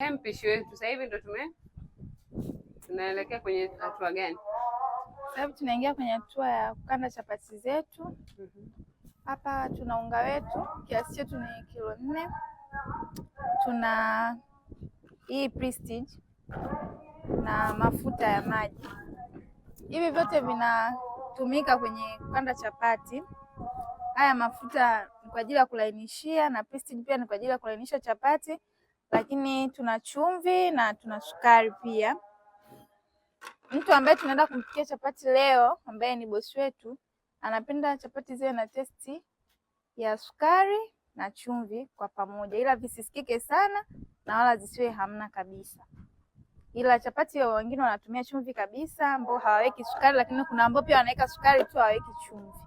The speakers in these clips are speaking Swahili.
He, mpishi wetu sasa hivi ndo tume tunaelekea kwenye hatua gani? Sasa hivi tunaingia kwenye hatua ya kukanda chapati zetu hapa. mm -hmm. Tuna unga wetu, kiasi chetu ni kilo nne. Tuna hii Prestige na mafuta ya maji. Hivi vyote vinatumika kwenye kukanda chapati. Haya mafuta ni kwa ajili ya kulainishia na Prestige pia ni kwa ajili ya kulainisha chapati lakini tuna chumvi na tuna sukari pia. Mtu ambaye tunaenda kumpikia chapati leo ambaye ni bosi wetu anapenda chapati ziwe na testi ya sukari na chumvi kwa pamoja, ila visisikike sana na wala zisiwe hamna kabisa. Ila chapati wengine wanatumia chumvi kabisa, ambao hawaweki sukari, lakini kuna ambao pia wanaweka sukari tu hawaweki chumvi.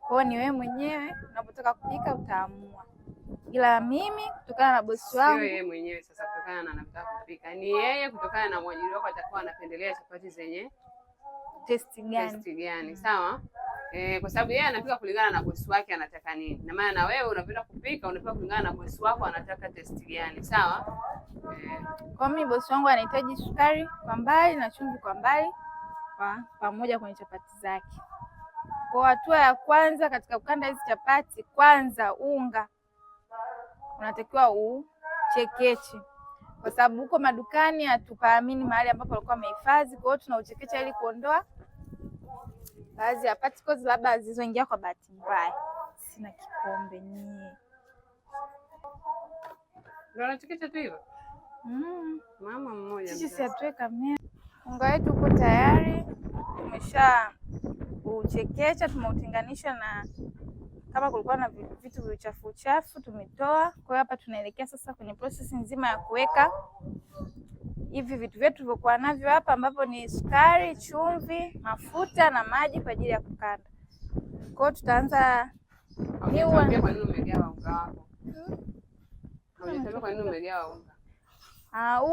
kwao ni wewe mwenyewe unapotaka kupika utaamua ila mimi kutokana na bosi wangu yeye mwenyewe sasa, kutokana na anataka kupika ni yeye, kutokana na mwajiri wako atakuwa anapendelea chapati zenye testi gani, testi gani? Sawa eh, kwa sababu yeye anapika kulingana na bosi wake anataka nini, na maana na wewe unapenda kupika unapika kulingana na bosi wako anataka testi gani. Sawa eh, kwa mimi bosi wangu anahitaji sukari kwa mbali na chumvi kwa mbali kwa pamoja kwenye chapati zake. Kwa hatua ya kwanza katika kukanda hizi chapati, kwanza unga unatakiwa uchekeche, kwa sababu huko madukani hatupaamini mahali ambapo walikuwa wamehifadhi. Kwa hiyo tunauchekecha ili kuondoa baadhi ya particles labda zilizoingia kwa bahati mbaya. Sina kikombe nie mm. Mama mmoja sisi atoe kamera. Unga wetu uko tayari, tumesha uchekecha, tumeutenganisha na kama kulikuwa na vitu vichafu uchafu tumetoa. Kwa hiyo hapa tunaelekea sasa kwenye prosesi nzima ya kuweka hivi vitu vyetu tulivyokuwa navyo hapa, ambapo ni sukari, chumvi, mafuta na maji kwa ajili ya kukanda. Kwa hiyo tutaanza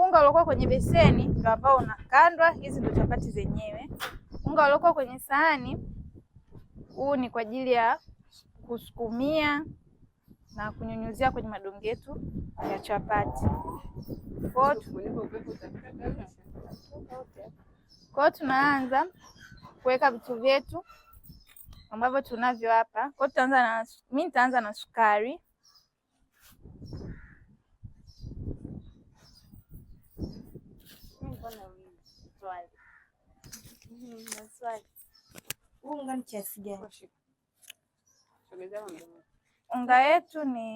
unga uliokuwa kwenye beseni ndio ambao unakandwa. Hizi ndio chapati zenyewe. Unga uliokuwa kwenye sahani huu ni kwa ajili ya kusukumia na kunyunyuzia kwenye madonge yetu ya chapati. Kwa hiyo tunaanza kuweka vitu vyetu ambavyo tunavyo hapa. Kwa hiyo tutaanza na mimi nitaanza na sukari. Unga ni kiasi gani? Unga yetu ni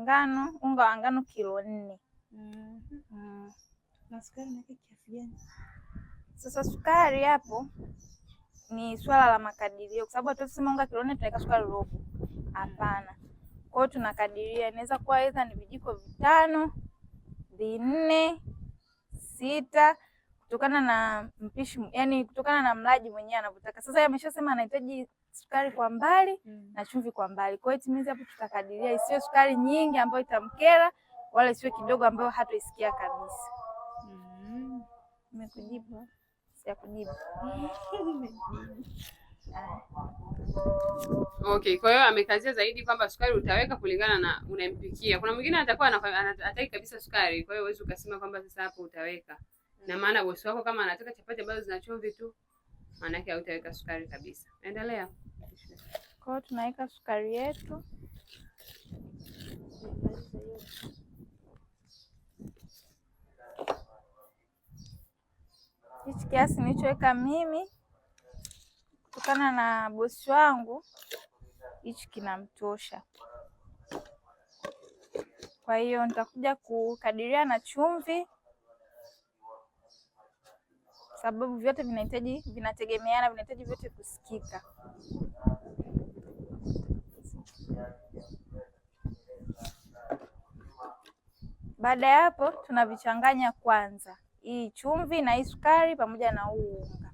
ngano, unga wa ngano kilo nne. mm Na sukari kiasi Sasa sukari hapo ni swala la makadirio, kwa sababu hatuwezi sema unga kilo nne tunaweka sukari robo. Hapana, kwa hiyo tunakadiria, inaweza kuwa aidha ni vijiko vitano, vinne, sita kutokana na mpishi, yani kutokana na mlaji mwenyewe anavyotaka. Sasa ameshasema anahitaji sukari kwa mbali mm. na chumvi kwa mbali, kwa hiyo timizi hapo tutakadiria, isiwe sukari nyingi ambayo itamkera wala isiwe kidogo ambayo hatoisikia kabisa. Mm. Nimekujibu mm. sijakujibu? Okay, kwa hiyo amekazia zaidi kwamba sukari utaweka kulingana na unayempikia. Kuna mwingine atakuwa anataka kabisa sukari, kwa hiyo huwezi ukasema kwamba sasa hapo utaweka na maana bosi wako kama anataka chapati ambazo zina chumvi tu, maana yake hautaweka sukari kabisa. Endelea. Kwa tunaweka sukari yetu hichi kiasi nilichoweka mimi kutokana na bosi wangu, hichi kinamtosha. Kwa hiyo nitakuja kukadiria na chumvi sababu vyote vinahitaji vinategemeana, vinahitaji vyote kusikika. Baada ya hapo, tunavichanganya kwanza hii chumvi na hii sukari pamoja na huu unga.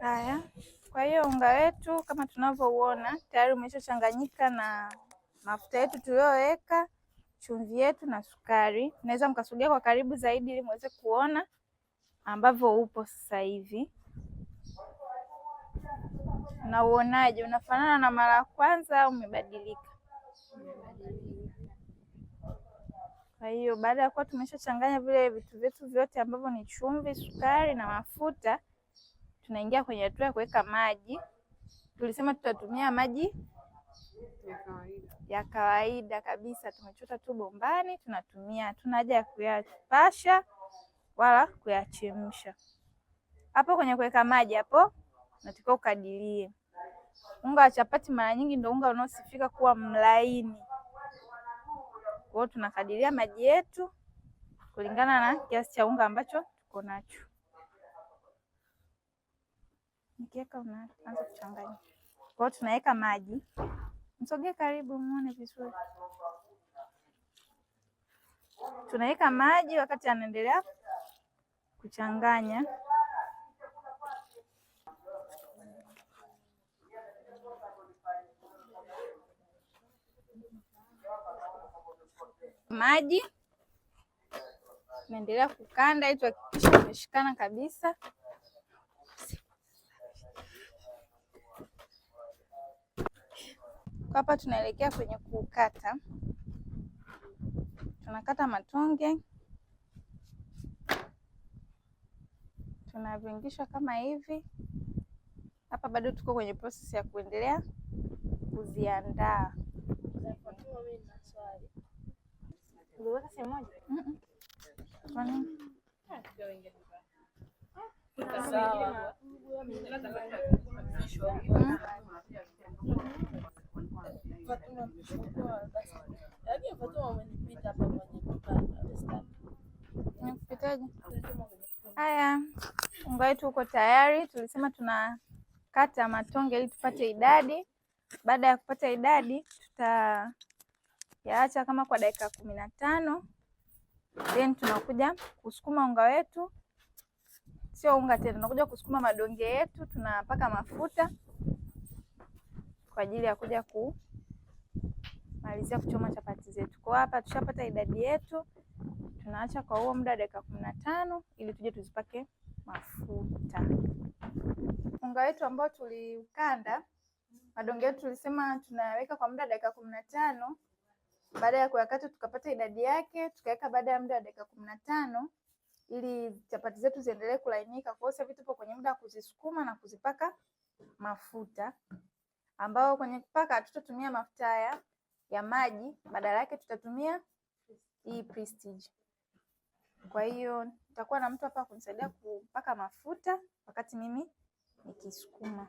Haya, kwa hiyo unga wetu kama tunavyouona tayari umeshachanganyika na mafuta yetu tuliyoweka, chumvi yetu na sukari. Naweza mkasogea kwa karibu zaidi ili muweze kuona ambavyo upo sasa hivi. Na uonaje, unafanana na mara ya kwanza au umebadilika? Kwa hiyo baada ya kuwa tumeshachanganya vile vitu vyetu vyote ambavyo ni chumvi, sukari na mafuta, tunaingia kwenye hatua ya kuweka maji. Tulisema tutatumia maji ya kawaida ya kawaida kabisa, tumechota tu bombani tunatumia. Hatuna haja ya kuyapasha wala kuyachemsha. Hapo kwenye kuweka maji hapo natakiwa ukadirie. Unga wa chapati mara nyingi ndo unga unaosifika kuwa mlaini, kwa hiyo tunakadiria maji yetu kulingana na kiasi cha unga ambacho tuko nacho. Nikiweka unaanza kuchanganya, kwa hiyo tunaweka maji Msogee karibu muone vizuri. Tunaweka maji wakati anaendelea kuchanganya. Maji naendelea kukanda ili tuhakikishe imeshikana kabisa. Hapa tunaelekea kwenye kukata, tunakata matonge, tunavingisha kama hivi. Hapa bado tuko kwenye process ya kuendelea kuziandaa. Yaani Haya, unga wetu uko tayari. Tulisema tunakata matonge ili tupate idadi. Baada ya kupata idadi, tutayaacha kama kwa dakika kumi na tano, then tunakuja kusukuma unga wetu. Sio unga tena, tunakuja kusukuma madonge yetu, tunapaka mafuta kwa ajili ya kuja ku kumalizia kuchoma chapati zetu. Kwa hapa tushapata idadi yetu, tunaacha kwa huo muda dakika kumi na tano ili tuje tuzipake mafuta. Unga wetu ambao tuliukanda, madonge yetu tulisema tunaweka kwa muda dakika kumi na tano baada ya kuyakata tukapata idadi yake, tukaweka baada ya muda wa dakika kumi na tano ili chapati zetu ziendelee kulainika. Kwa hiyo sasa tupo kwenye muda wa kuzisukuma na kuzipaka mafuta, ambao kwenye kupaka hatutatumia mafuta haya, ya maji, badala yake tutatumia hii Prestige. Kwa hiyo nitakuwa na mtu hapa kunisaidia kupaka mafuta wakati mimi nikisukuma.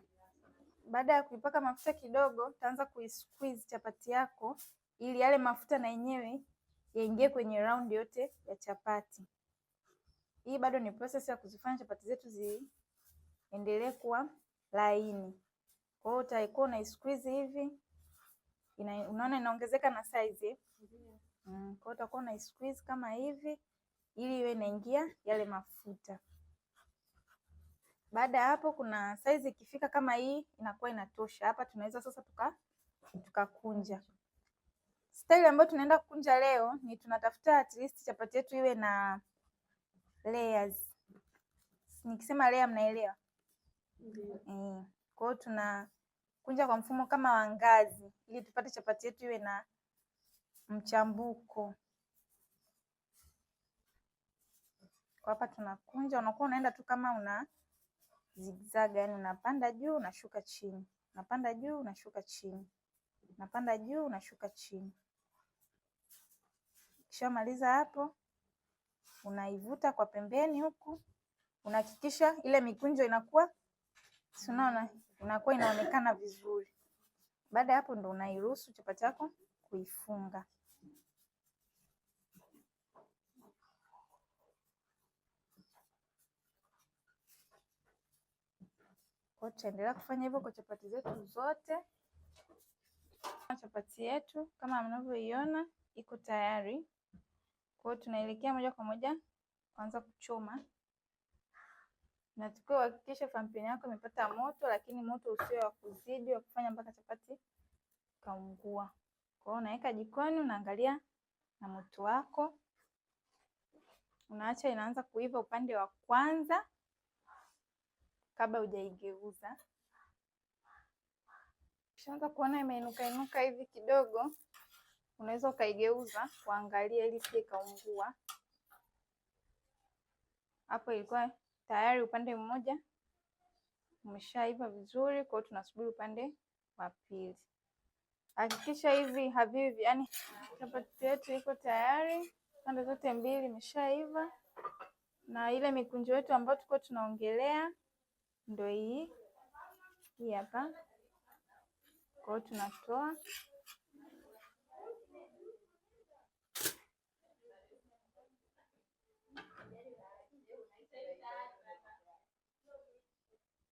Baada ya kuipaka mafuta kidogo, utaanza kuisqueeze chapati yako ili yale mafuta na yenyewe yaingie kwenye round yote ya chapati. Hii bado ni process ya kuzifanya chapati zetu ziendelee kuwa laini. Kwa hiyo utaikuwa squeeze hivi ina, unaona inaongezeka na size mm, kwa hiyo utakuwa una squeeze kama hivi ili iwe inaingia yale mafuta. Baada ya hapo, kuna size ikifika kama hii inakuwa inatosha. Hapa tunaweza sasa tuka tukakunja style ambayo tunaenda kukunja leo ni tunatafuta at least chapati yetu iwe na layers. Nikisema layer mnaelewa? mm -hmm. kwa hiyo tuna kunja kwa mfumo kama wa ngazi ili tupate chapati yetu iwe na mchambuko. Kwa hapa tunakunja, unakuwa unaenda tu kama una zigzag, yani unapanda juu unashuka chini, unapanda juu unashuka chini, unapanda juu unashuka chini. Ukishamaliza hapo, unaivuta kwa pembeni huku, unahakikisha ile mikunjo inakuwa, si unaona unakuwa inaonekana vizuri. Baada ya hapo, ndo unairuhusu chapati yako kuifunga. Kwa tutaendelea kufanya hivyo kwa chapati zetu zote. Chapati yetu kama mnavyoiona iko tayari. Kwa hiyo tunaelekea moja kwa moja kuanza kuchoma. Unatakiwa uhakikishe kampeni yako imepata moto, lakini moto usio wa kuzidi wa kufanya mpaka chapati kaungua Kwa hiyo unaweka jikoni, unaangalia na moto wako, unaacha inaanza kuiva upande wa kwanza kabla hujaigeuza. Ukishaanza kuona imeinuka inuka hivi kidogo, unaweza ukaigeuza kuangalia ili sije ikaungua. Hapo ilikuwa Tayari upande mmoja umeshaiva vizuri, kwa hiyo tunasubiri upande wa pili. Hakikisha hivi havivi, yani chapati yetu iko tayari, pande zote mbili imeshaiva, na ile mikunjo yetu ambayo tulikuwa tunaongelea ndio hii hii hapa. Kwa hiyo tunatoa